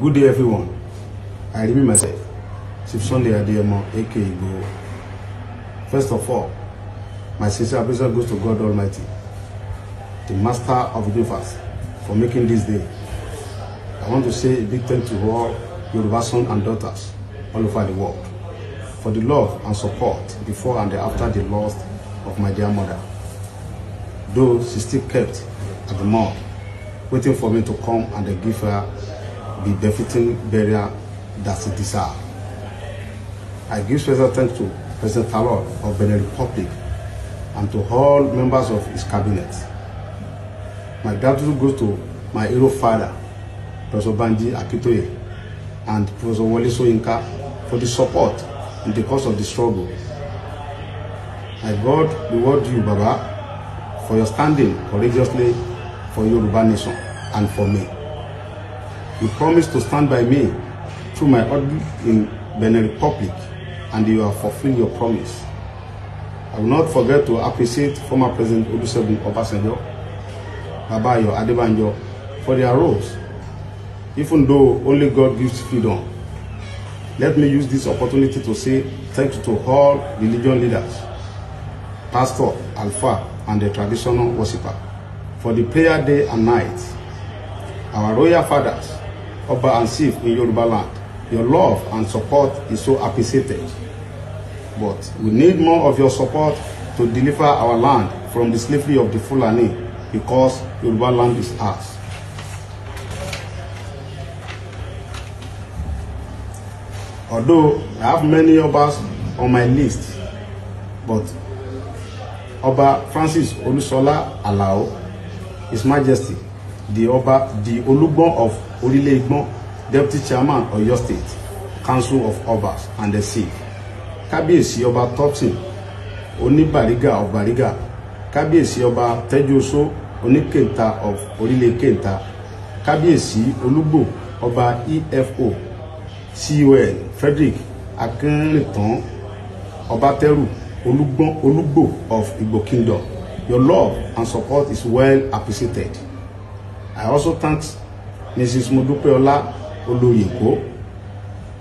Good day, everyone. I repeat myself. Chief Sunday Adeyemo, aka Igboho. First of all, my sincere appreciation goes to God Almighty, the Master of the universe, for making this day. I want to say a big thank to all Yoruba sons and daughters all over the world for the love and support before and after the loss of my dear mother. Though she still kept at the mall, waiting for me to come and give her the befitting burial that it deserves. I give special thanks to President Talon of Benin Republic and to all members of his cabinet. My gratitude goes to my hero father, Professor Banji Akitoye, and Professor Wole Soyinka for the support in the course of the struggle. I God reward you, Baba, for your standing courageously for your Nation and for me. You promised to stand by me through my audit in Benin Republic, and you are fulfilling your promise. I will not forget to appreciate former President Olusegun Obasanjo, Babayo Adebanjo, for their roles. Even though only God gives freedom, let me use this opportunity to say thank you to all religion leaders, pastor, alpha, and the traditional worshipper for the prayer day and night. Our royal fathers, Oba and Chief in Yoruba land. Your love and support is so appreciated. But we need more of your support to deliver our land from the slavery of the Fulani because Yoruba land is ours. Although I have many Obas on my list, but Oba Francis Olusola Alao, His Majesty, the Oba, the Olugbon of Orile Deputy Chairman Oyo State, Council of Obas and the Sea. Kábíyèsí Ọba Thompson, Oníbàrígà of Bàrígà, Kábíyèsí Ọba Tẹ́júoṣó, Oníkẹ̀ǹta of Orílẹ̀ Kẹ̀ǹta, Kábíyèsí Olúgbò, Ọba EFO, CON, Frederick Akínrìntàn, Ọbátẹ́rù, Olúgbọ́n Olúgbò of Igbo Kingdom. Your love and support is well appreciated. I also thank Mrs. Modupeola Oloyinko,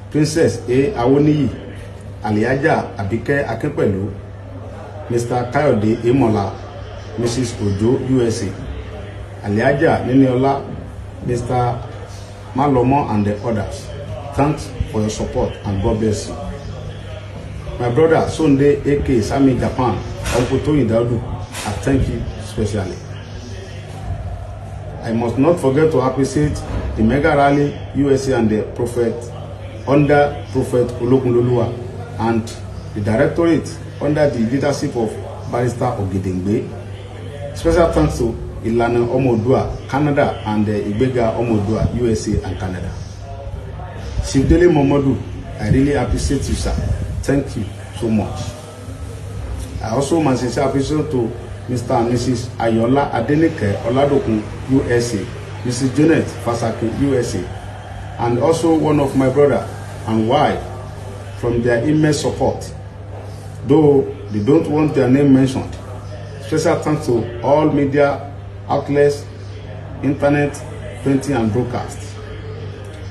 Princess A. Awoniyi, Aliaja Abike Akinpelu, Mr. Kayode Imola, Mrs. Ojo USA, Aliaja Niniola, Mr. Malomo and the others. Thanks for your support and God bless you. My brother Sunday AK Sami Japan, Uncle Toyin Daudu, I thank you specially. I must not forget to appreciate the mega rally USA and the Prophet under Prophet Olokundoluwa and the directorate under the leadership of Barrister Ogedengbe. Special thanks to Ilana Omodua, Canada, and uh, Ibega Omodua, USA and Canada. Shivdele Momodu, I really appreciate you, sir. Thank you so much. I also my sincere appreciation to mr and mrs ayọ̀lá adeleke Oladokun usa mrs janet fasakin usa and also one of my brother and wife from their immense support though they don't want their name mentioned special thanks to all media outlets internet printing and broadcast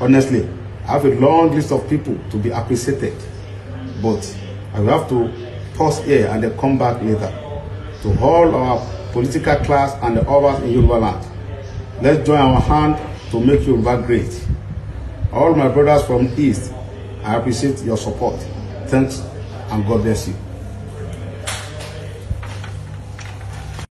honestly I have a long list of people to be appreciated but I will have to pause here and then come back later to all our political class and the others in Yoruba land. Let's join our hand to make Yoruba great. All my brothers from East, I appreciate your support. Thanks and God bless you.